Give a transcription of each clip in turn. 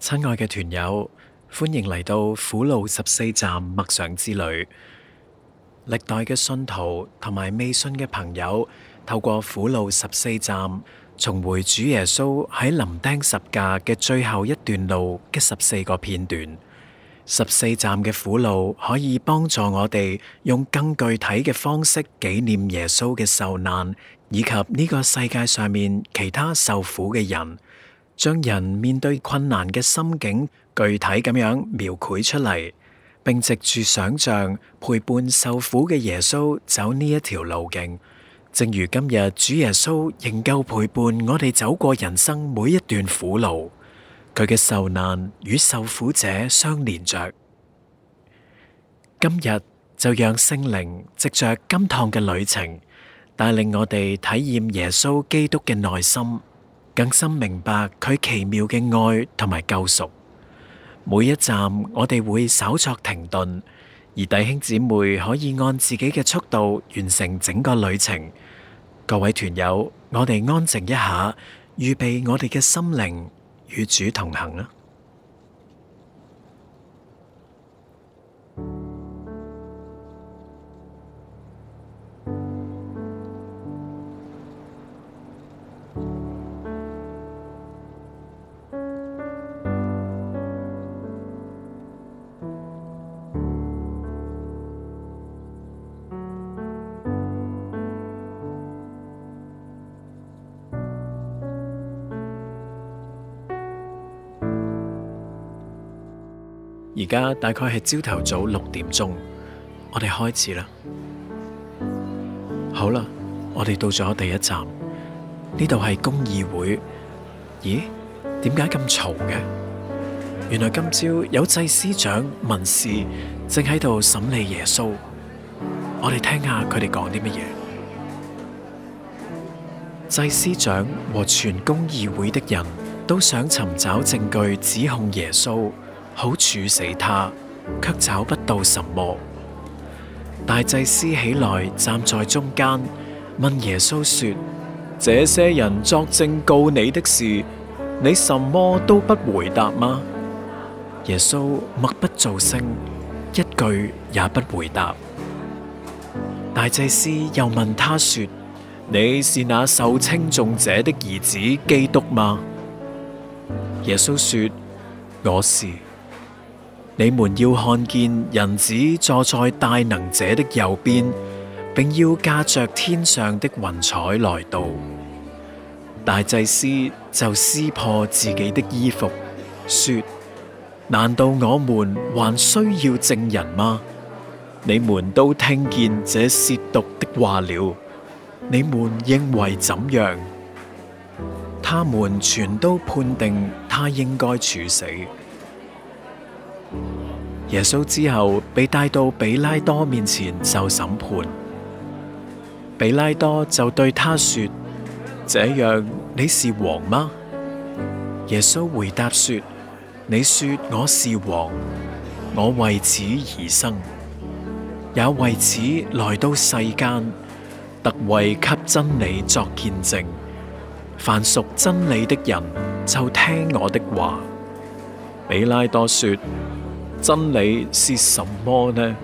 親愛嘅團友，歡迎嚟到「苦路十四站默想之旅」。歷代嘅信徒同埋未信嘅朋友，透過苦路十四站，重回主耶穌喺臨釘十架嘅最後一段路嘅十四個片段。十四站嘅苦路可以幫助我哋用更具體嘅方式紀念耶穌嘅受難，以及呢個世界上面其他受苦嘅人。將人面對困難嘅心境具體咁樣描繪出嚟，並藉住想象陪伴受苦嘅耶穌走呢一條路徑。正如今日主耶穌仍舊陪伴我哋走過人生每一段苦路，佢嘅受難與受苦者相連着。今日就讓聖靈藉著今趟嘅旅程，帶領我哋體驗耶穌基督嘅內心。更深明白佢奇妙嘅愛同埋救贖。每一站，我哋會稍作停頓，而弟兄姊妹可以按自己嘅速度完成整個旅程。各位團友，我哋安靜一下，預備我哋嘅心靈與主同行啊！而家大概係朝頭早六點鐘，我哋開始啦。好啦，我哋到咗第一站，呢度係公議會。咦？點解咁嘈嘅？原來今朝有祭司長問事，文士正喺度審理耶穌。我哋聽下佢哋講啲乜嘢。祭司長和全公議會的人都想尋找證據指控耶穌。好處死他，卻找不到什麼。大祭司起來站在中間，問耶穌說：這些人作證告你的事，你什麼都不回答嗎？耶穌默不作聲，一句也不回答。大祭司又問他說：你是那受稱頌者的兒子基督嗎？耶穌說：我是。你們要看見人子坐在大能者的右邊，並要駕着天上的雲彩來到。大祭司就撕破自己的衣服，說：難道我們還需要證人嗎？你們都聽見這褻瀆的話了，你們認為怎樣？他們全都判定他應該處死。耶穌之後被帶到彼拉多面前受審判，彼拉多就對他說：這樣你是王嗎？耶穌回答說：你說我是王，我為此而生，也為此來到世間，特為給真理作見證。凡屬真理的人就聽我的話。彼拉多說。真理是什麼呢？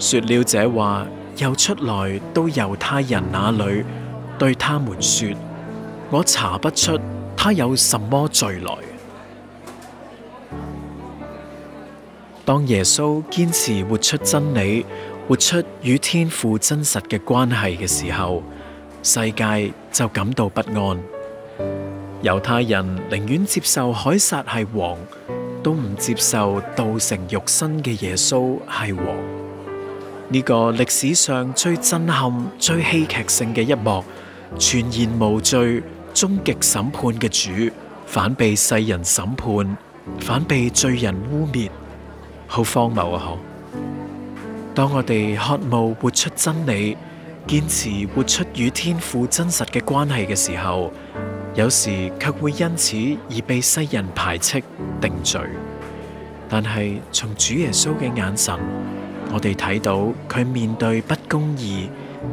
說了這話，又出來到猶太人那裡，對他們說：我查不出他有什麼罪來。當耶穌堅持活出真理、活出與天父真實嘅關係嘅時候，世界就感到不安。猶太人寧願接受凱撒係王，都唔接受道成肉身嘅耶穌係王，呢個歷史上最震撼、最戲劇性嘅一幕，全然無罪、終極審判嘅主，反被世人審判，反被罪人污衊，好荒謬啊！嗬。當我哋渴慕活出真理，堅持活出與天父真實嘅關係嘅時候，有時卻會因此而被世人排斥定罪，但係從主耶穌嘅眼神，我哋睇到佢面對不公義，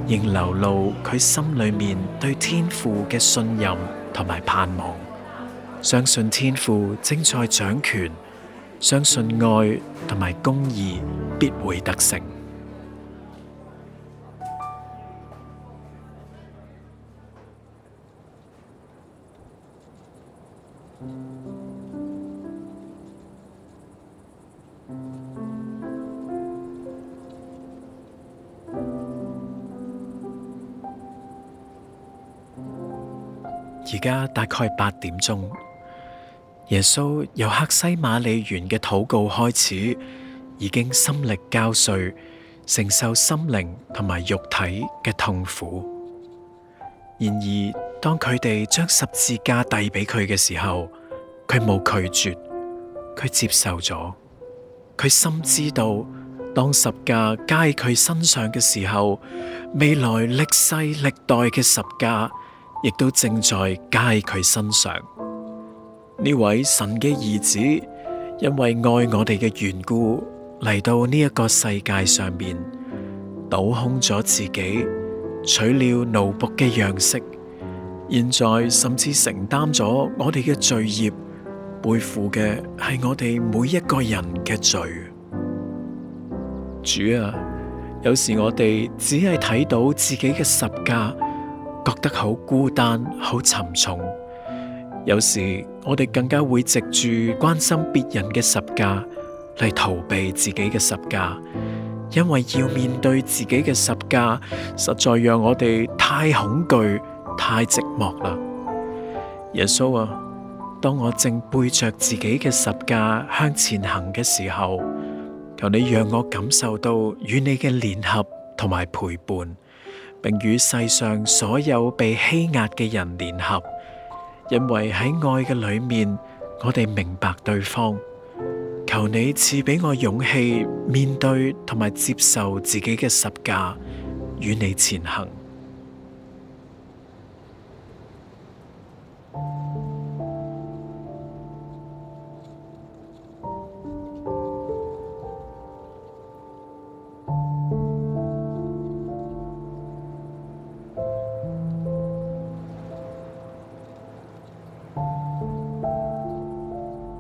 仍流露佢心裏面對天父嘅信任同埋盼望，相信天父正在掌權，相信愛同埋公義必會得勝。而家大概八點鐘，耶穌由客西馬利園嘅禱告開始，已經心力交瘁，承受心靈同埋肉體嘅痛苦。然而，當佢哋將十字架遞俾佢嘅時候，佢冇拒絕，佢接受咗。佢深知道，當十架加喺佢身上嘅時候，未來歷世歷代嘅十架。亦都正在加喺佢身上，呢位神嘅兒子，因為愛我哋嘅緣故，嚟到呢一個世界上面，倒空咗自己，取了奴僕嘅樣式，現在甚至承擔咗我哋嘅罪孽，背負嘅係我哋每一個人嘅罪。主啊，有時我哋只係睇到自己嘅十架。覺得好孤單、好沉重，有時我哋更加會藉住關心別人嘅十架嚟逃避自己嘅十架，因為要面對自己嘅十架，實在讓我哋太恐懼、太寂寞啦。耶穌啊，當我正背着自己嘅十架向前行嘅時候，求你讓我感受到與你嘅聯合同埋陪伴。並與世上所有被欺壓嘅人聯合，因為喺愛嘅裏面，我哋明白對方。求你賜俾我勇氣，面對同埋接受自己嘅十架，與你前行。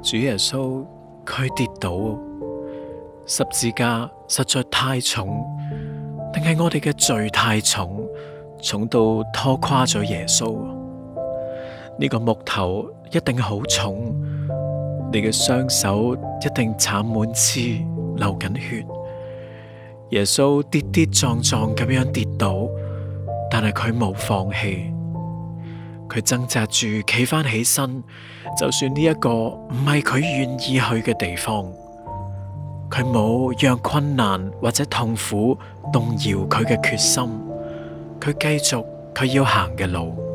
主耶穌佢跌倒，十字架實在太重，定係我哋嘅罪太重，重到拖垮咗耶穌？呢個木頭一定好重，你嘅雙手一定慘滿刺，流緊血。耶穌跌跌撞撞咁樣跌倒，但係佢冇放棄。佢掙扎住企返起身，就算呢一個唔係佢願意去嘅地方，佢冇讓困難或者痛苦動搖佢嘅決心，佢繼續佢要行嘅路。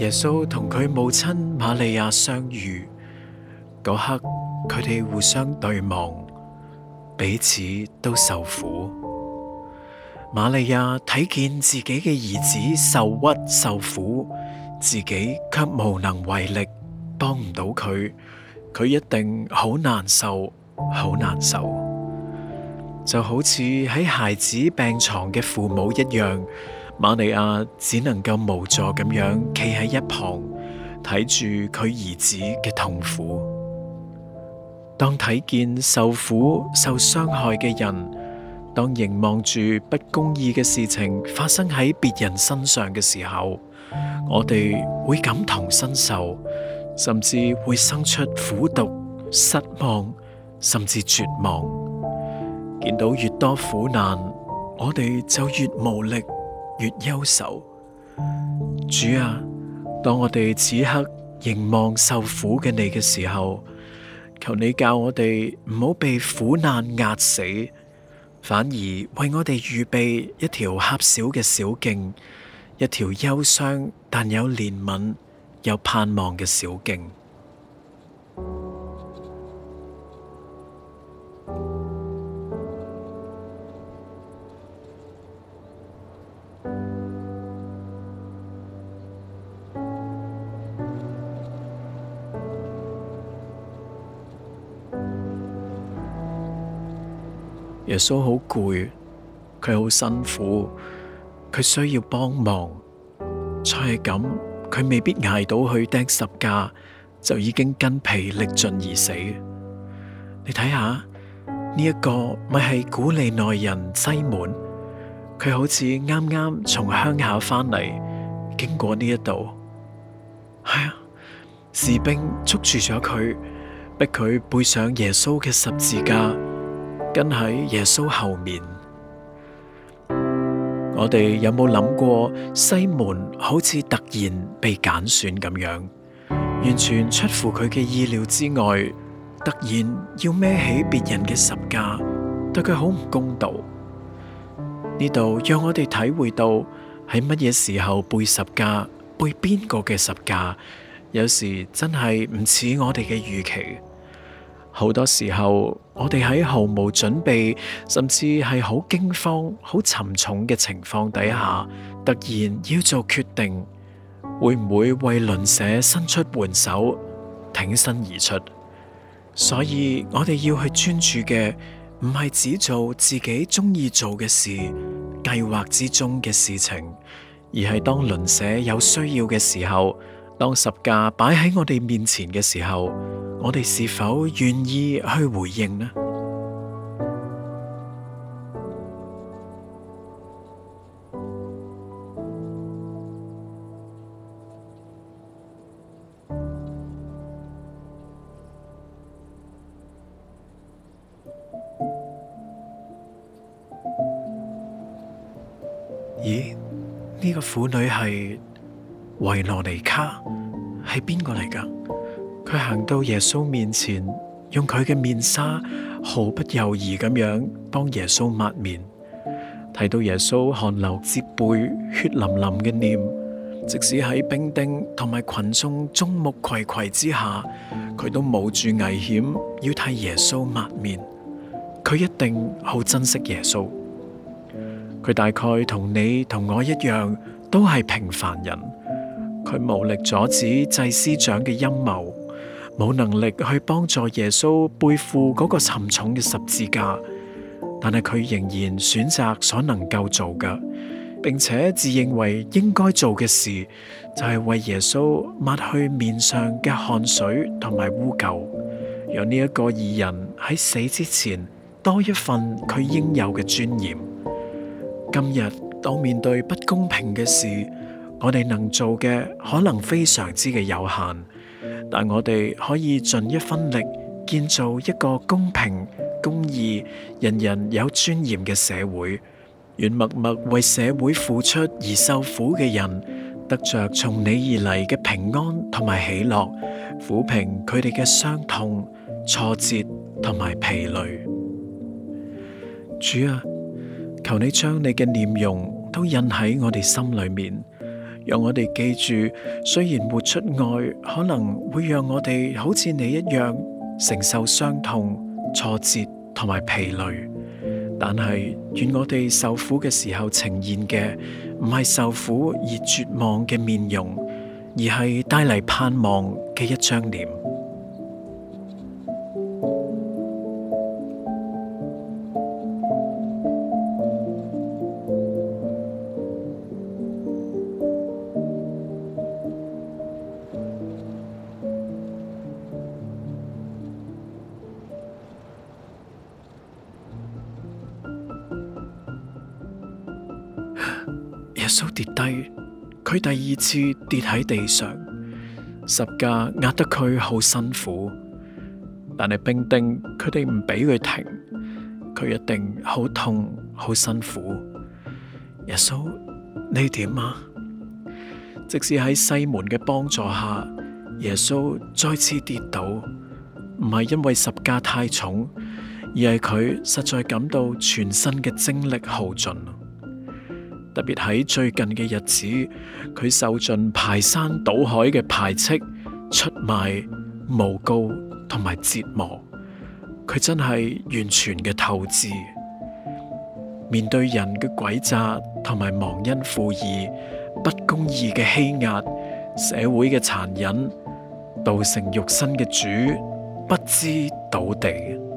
耶穌同佢母親瑪利亞相遇嗰刻，佢哋互相對望，彼此都受苦。瑪利亞睇見自己嘅兒子受屈受苦，自己卻無能為力，幫唔到佢，佢一定好難受，好難受，就好似喺孩子病床嘅父母一樣。瑪利亞只能夠無助咁樣企喺一旁，睇住佢兒子嘅痛苦。當睇見受苦、受傷害嘅人，當凝望住不公義嘅事情發生喺別人身上嘅時候，我哋會感同身受，甚至會生出苦毒、失望，甚至絕望。見到越多苦難，我哋就越無力。越憂愁，主啊！當我哋此刻凝望受苦嘅你嘅時候，求你教我哋唔好被苦難壓死，反而為我哋預備一條狹小嘅小徑，一條憂傷但有憐憫又盼望嘅小徑。耶穌好攰，佢好辛苦，佢需要幫忙。再係咁，佢未必捱到去釘十架就已經筋疲力盡而死。你睇下呢一個咪係古利奈人西門？佢好似啱啱從鄉下翻嚟，經過呢一度，係、哎、啊，士兵捉住咗佢，逼佢背上耶穌嘅十字架。跟喺耶穌後面，我哋有冇諗過西門好似突然被揀選咁樣，完全出乎佢嘅意料之外，突然要孭起別人嘅十架，對佢好唔公道。呢度讓我哋體會到喺乜嘢時候背十架，背邊個嘅十架，有時真係唔似我哋嘅預期，好多時候。我哋喺毫無準備，甚至係好驚慌、好沉重嘅情況底下，突然要做決定，會唔會為鄰舍伸出援手、挺身而出？所以我哋要去專注嘅，唔係只做自己中意做嘅事、計劃之中嘅事情，而係當鄰舍有需要嘅時候，當十架擺喺我哋面前嘅時候，我哋是否願意去回應呢？咦，呢個婦女係維羅尼卡，係邊個嚟㗎？佢行到耶穌面前，用佢嘅面紗毫不猶豫咁樣幫耶穌抹面。睇到耶穌汗流浹背、血淋淋嘅臉，即使喺兵丁同埋群眾眾目睽睽之下，佢都冒住危險要替耶穌抹面。佢一定好珍惜耶穌。佢大概同你同我一樣，都係平凡人。佢無力阻止祭司長嘅陰謀。冇能力去幫助耶穌背負嗰個沉重嘅十字架，但係佢仍然選擇所能夠做嘅，並且自認為應該做嘅事，就係、是、為耶穌抹去面上嘅汗水同埋污垢，讓呢一個義人喺死之前多一份佢應有嘅尊嚴。今日當面對不公平嘅事，我哋能做嘅可能非常之嘅有限。但我哋可以盡一分力，建造一個公平公義、人人有尊嚴嘅社會。願默默為社會付出而受苦嘅人，得着從你而嚟嘅平安同埋喜樂，撫平佢哋嘅傷痛、挫折同埋疲累。主啊，求你將你嘅面容都印喺我哋心裏面。讓我哋記住，雖然活出愛可能會讓我哋好似你一樣承受傷痛、挫折同埋疲累，但係願我哋受苦嘅時候呈現嘅唔係受苦而絕望嘅面容，而係帶嚟盼望嘅一張臉。耶穌跌低，佢第二次跌喺地上，十架壓得佢好辛苦。但係兵丁佢哋唔俾佢停，佢一定好痛、好辛苦。耶穌，你點啊？即使喺西門嘅幫助下，耶穌再次跌倒，唔係因為十架太重，而係佢實在感到全身嘅精力耗盡。特別喺最近嘅日子，佢受盡排山倒海嘅排斥、出賣、誣告同埋折磨，佢真係完全嘅透支。面對人嘅詭詐同埋忘恩負義、不公義嘅欺壓，社會嘅殘忍，道成肉身嘅主不知倒地。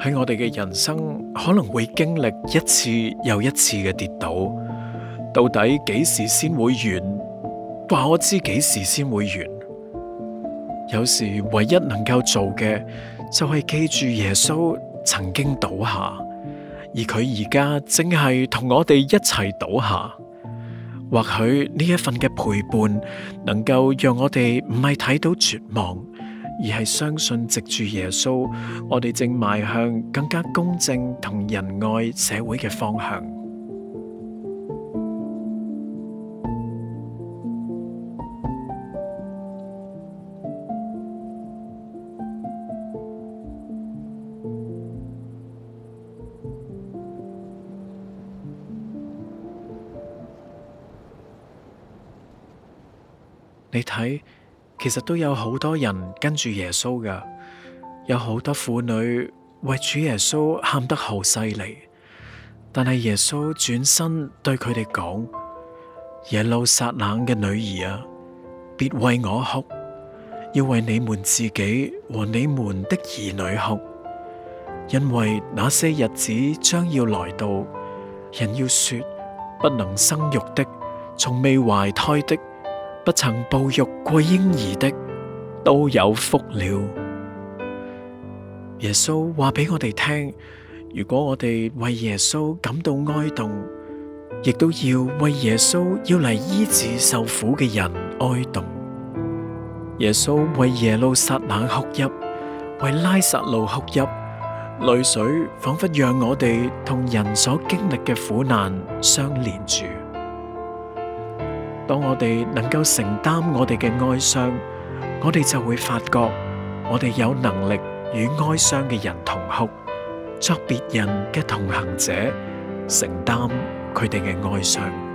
喺我哋嘅人生，可能會經歷一次又一次嘅跌倒，到底幾時先會完？話我知幾時先會完？有時唯一能夠做嘅，就係記住耶穌曾經倒下，而佢而家正係同我哋一齊倒下。或許呢一份嘅陪伴，能夠讓我哋唔係睇到絕望。而係相信藉住耶穌，我哋正邁向更加公正同仁愛社會嘅方向。你睇。其實都有好多人跟住耶穌㗎，有好多婦女為主耶穌喊得好犀利，但係耶穌轉身對佢哋講：「耶路撒冷嘅女兒啊，別為我哭，要為你們自己和你們的兒女哭，因為那些日子將要來到，人要說：不能生育的，從未懷胎的，不曾哺乳過嬰兒的都有福了。耶穌話俾我哋聽，如果我哋為耶穌感到哀動，亦都要為耶穌要嚟醫治受苦嘅人哀動。耶穌為耶路撒冷哭泣，為拉撒路哭泣，淚水仿佛讓我哋同人所經歷嘅苦難相連住。當我哋能夠承擔我哋嘅哀傷，我哋就會發覺我哋有能力與哀傷嘅人同哭，作別人嘅同行者，承擔佢哋嘅哀傷。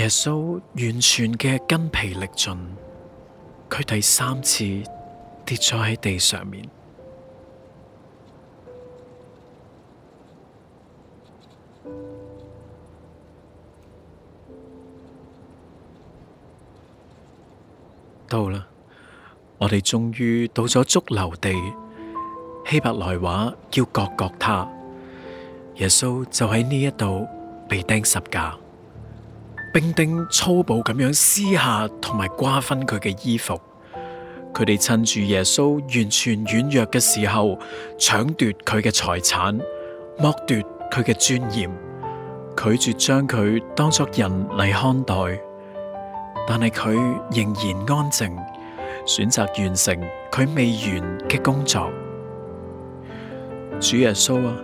耶穌完全嘅筋疲力盡，佢第三次跌咗喺地上面。到啦，我哋終於到咗髑髏地，希伯來話叫各各他，耶穌就喺呢一度被釘十架。兵丁粗暴咁樣撕下同埋瓜分佢嘅衣服，佢哋趁住耶穌完全軟弱嘅時候，搶奪佢嘅財產，剝奪佢嘅尊嚴，拒絕將佢當作人嚟看待。但係佢仍然安靜，選擇完成佢未完嘅工作。主耶穌啊，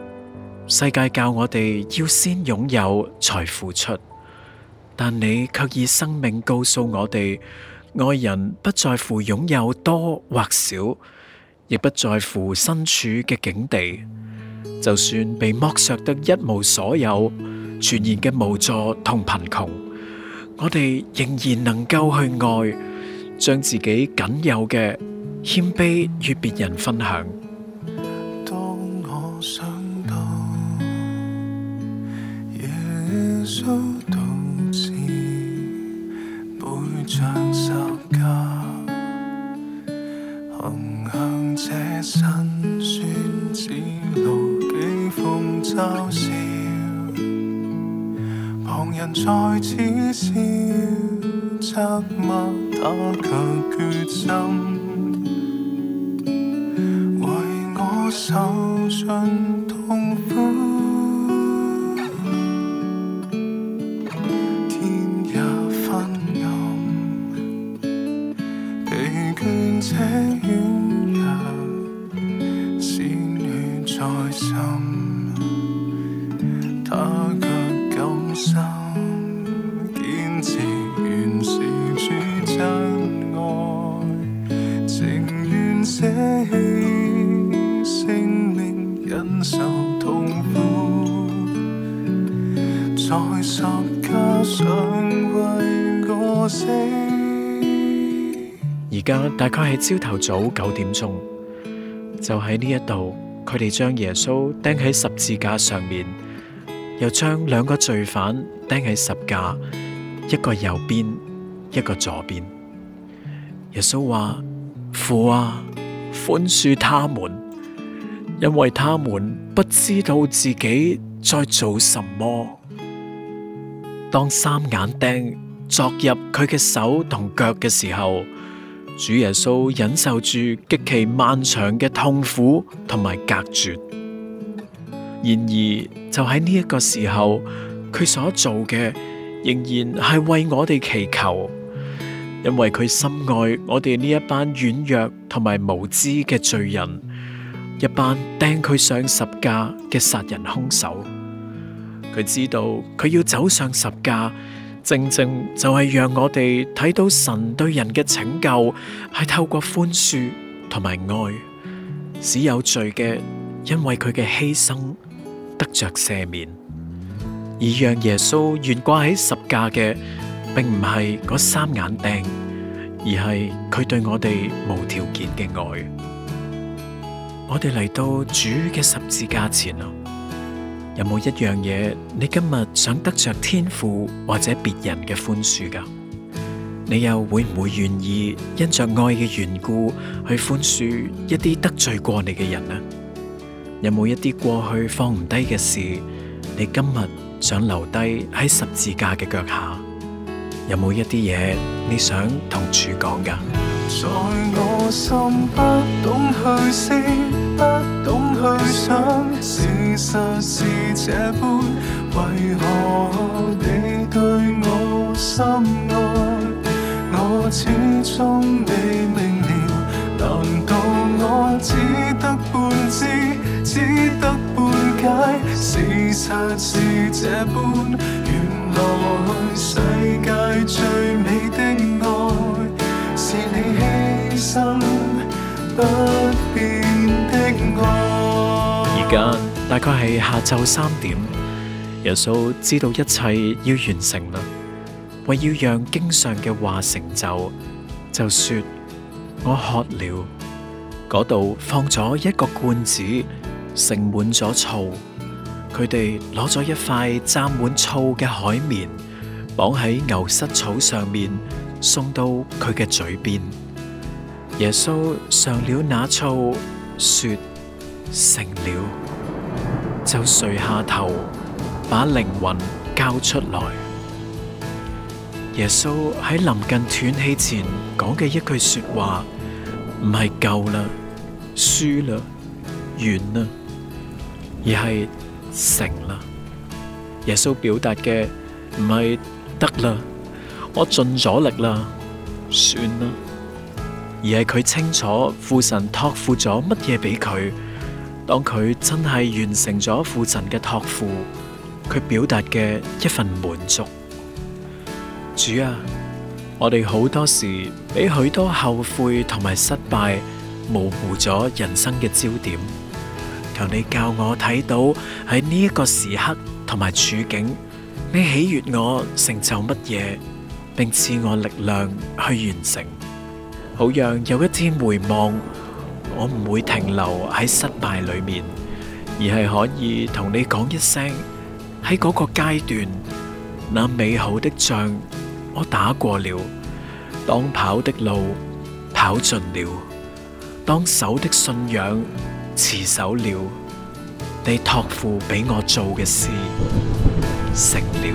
世界教我哋要先擁有才付出。但你卻以生命告訴我哋，愛人不在乎擁有多或少，亦不在乎身處嘅境地。就算被剝削得一無所有，全然嘅無助同貧窮，我哋仍然能夠去愛，將自己僅有嘅謙卑與別人分享。當我想到耶穌。像十架，行向這辛酸之路，譏諷嘲笑，旁人在恥笑責罵，祂卻決心，為我受盡痛苦。朝頭早九點鐘，就喺呢一度，佢哋將耶穌釘喺十字架上面，又將兩個罪犯釘喺十架，一個右邊，一個左邊。耶穌話：父啊，寬恕他們，因為他們不知道自己在做什麼。當三眼釘鑿入佢嘅手同腳嘅時候，主耶穌忍受住極其漫長嘅痛苦同埋隔絕，然而就喺呢一個時候，佢所做嘅仍然係為我哋祈求，因為佢深愛我哋呢一班軟弱同埋無知嘅罪人，一班釘佢上十架嘅殺人兇手，佢知道佢要走上十架。正正就係讓我哋睇到神對人嘅拯救係透過寬恕同埋愛，只有罪嘅，因為佢嘅犧牲得着赦免，而讓耶穌懸掛喺十架嘅，並唔係嗰三眼釘，而係佢對我哋無條件嘅愛。我哋嚟到主嘅十字架前啊！有冇一樣嘢你今日想得着天父或者別人嘅寬恕噶？你又會唔會願意因着愛嘅緣故去寬恕一啲得罪過你嘅人呢？有冇一啲過去放唔低嘅事，你今日想留低喺十字架嘅腳下？有冇一啲嘢你想同主講噶？在我心不懂去思。不懂去想，事實是這般，為何你對我深愛？我始終未明瞭。難道我只得半知，只得半解？事實是這般，原來世界最美的愛，是你犧牲不變。而家大概係下晝三點，耶穌知道一切要完成啦，為要讓經上嘅話成就，就說我渴了。嗰度放咗一個罐子盛滿咗醋，佢哋攞咗一塊沾滿醋嘅海綿，綁喺牛膝草上面，送到佢嘅嘴邊。耶穌嘗了那醋。說成了，就垂下頭，把靈魂交出來。耶穌喺臨近斷氣前講嘅一句說話，唔係夠啦，輸啦，完啦，而係成啦。耶穌表達嘅唔係得啦，我盡咗力啦，算啦。而係佢清楚父神託付咗乜嘢俾佢，當佢真係完成咗父神嘅託付，佢表達嘅一份滿足。主啊，我哋好多時俾許多後悔同埋失敗模糊咗人生嘅焦點，求你教我睇到喺呢一個時刻同埋處境，你喜悦我成就乜嘢，並賜我力量去完成。好讓有一天回望，我唔會停留喺失敗裏面，而係可以同你講一聲，喺嗰個階段，那美好的仗我打過了。當跑的路跑盡了，當守的信仰持守了，你託付俾我做嘅事，成了。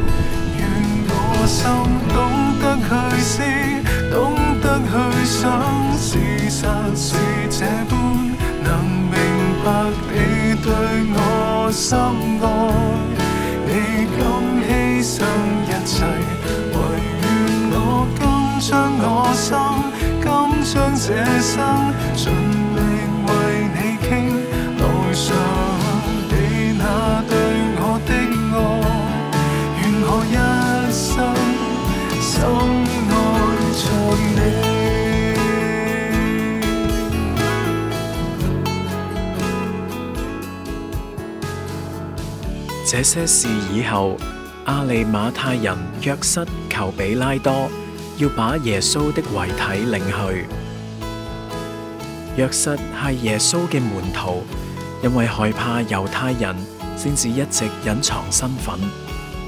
願我心懂得去思不去想，事實是這般，能明白你對我深愛，你甘犧牲一切，唯願我甘將我心，甘將這生。這些事以後，亞利馬太人約瑟求彼拉多要把耶穌的遺體領去。約瑟係耶穌嘅門徒，因為害怕猶太人，先至一直隱藏身份。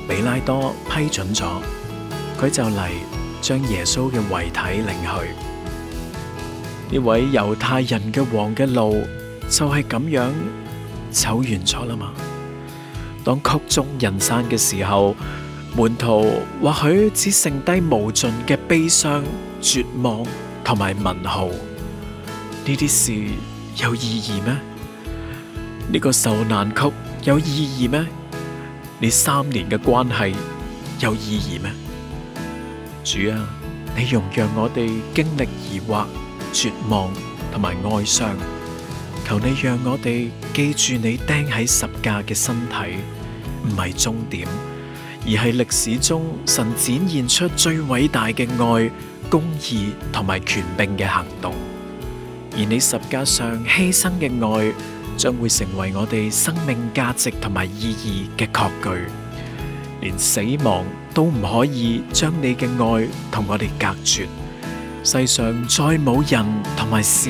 彼拉多批准咗，佢就嚟將耶穌嘅遺體領去。呢位猶太人嘅王嘅路就係咁樣走完咗啦嘛。當曲終人散嘅時候，門徒或許只剩低無盡嘅悲傷、絕望同埋問號。呢啲事有意義咩？呢個受難曲有意義咩？你三年嘅關係有意義咩？主啊，你容讓我哋經歷疑惑、絕望同埋哀傷。求你讓我哋記住你釘喺十架嘅身體，唔係終點，而係歷史中神展現出最偉大嘅愛、公義同埋權柄嘅行動。而你十架上犧牲嘅愛，將會成為我哋生命價值同埋意義嘅確據。連死亡都唔可以將你嘅愛同我哋隔絕，世上再冇人同埋事。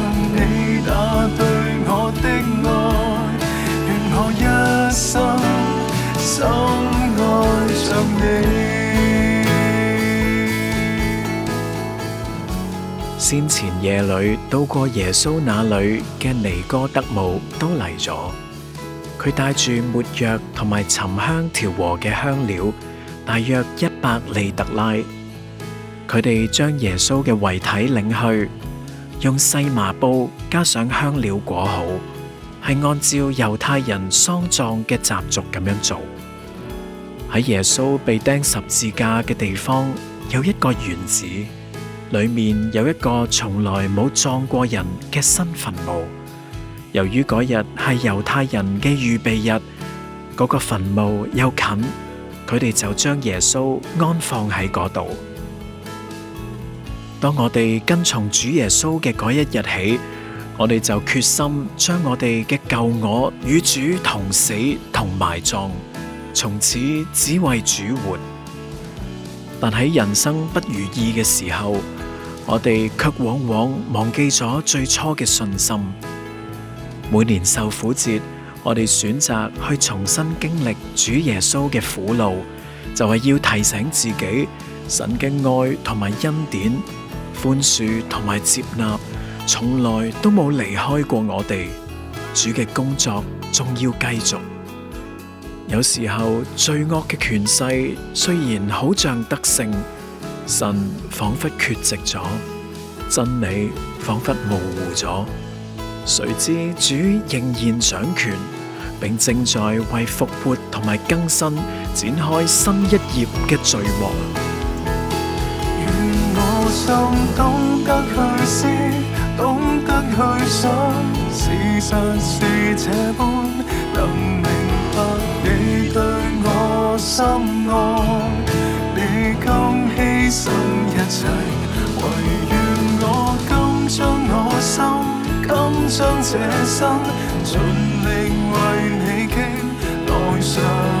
你你那對我的愛，願我一生深愛著你。先前夜裏到過耶穌那裏嘅尼哥德姆都嚟咗。佢帶住沒藥同埋沉香調和嘅香料，大約一百利特拉。佢哋將耶穌嘅遺體領去。用細麻布加上香料裹好，係按照猶太人喪葬嘅習俗咁樣做。喺耶穌被釘十字架嘅地方有一個園子，裏面有一個從來冇葬過人嘅新墳墓。由於嗰日係猶太人嘅預備日，嗰個墳墓又近，佢哋就將耶穌安放喺嗰度。當我哋跟從主耶穌嘅嗰一日起，我哋就決心將我哋嘅舊我與主同死同埋葬，從此只為主活。但喺人生不如意嘅時候，我哋卻往往忘記咗最初嘅信心。每年受苦節，我哋選擇去重新經歷主耶穌嘅苦路，就係要提醒自己，神嘅愛同埋恩典。寬恕同埋接納，從來都冇離開過我哋。主嘅工作仲要繼續。有時候罪惡嘅權勢雖然好像得勝，神仿佛缺席咗，真理仿佛模糊咗，誰知主仍然掌權，並正在為復活同埋更新展開新一頁嘅罪惡。我心懂得去思，懂得去想，事實是這般，能明白你對我深愛，你甘犧牲一切，唯願我甘將我心，甘將這生，盡力為你傾來償。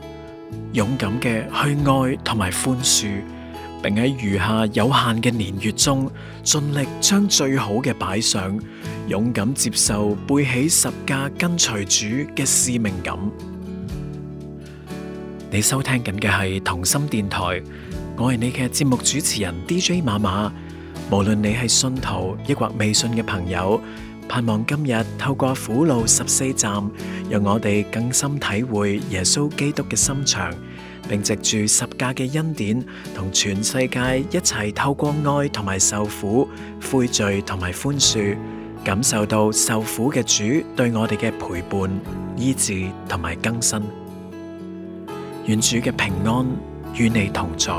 勇敢嘅去愛同埋寬恕，並喺餘下有限嘅年月中，盡力將最好嘅擺上。勇敢接受背起十架跟隨主嘅使命感。 你收聽緊嘅係同心電台，我係你嘅節目主持人 DJ 馬馬。無論你係信徒抑或未信嘅朋友。盼望今日透過苦路十四站，讓我哋更深體會耶穌基督嘅心腸，並藉住十架嘅恩典，同全世界一齊透過愛同埋受苦、悔罪同埋寬恕，感受到受苦嘅主對我哋嘅陪伴、醫治同埋更新。願主嘅平安與你同在。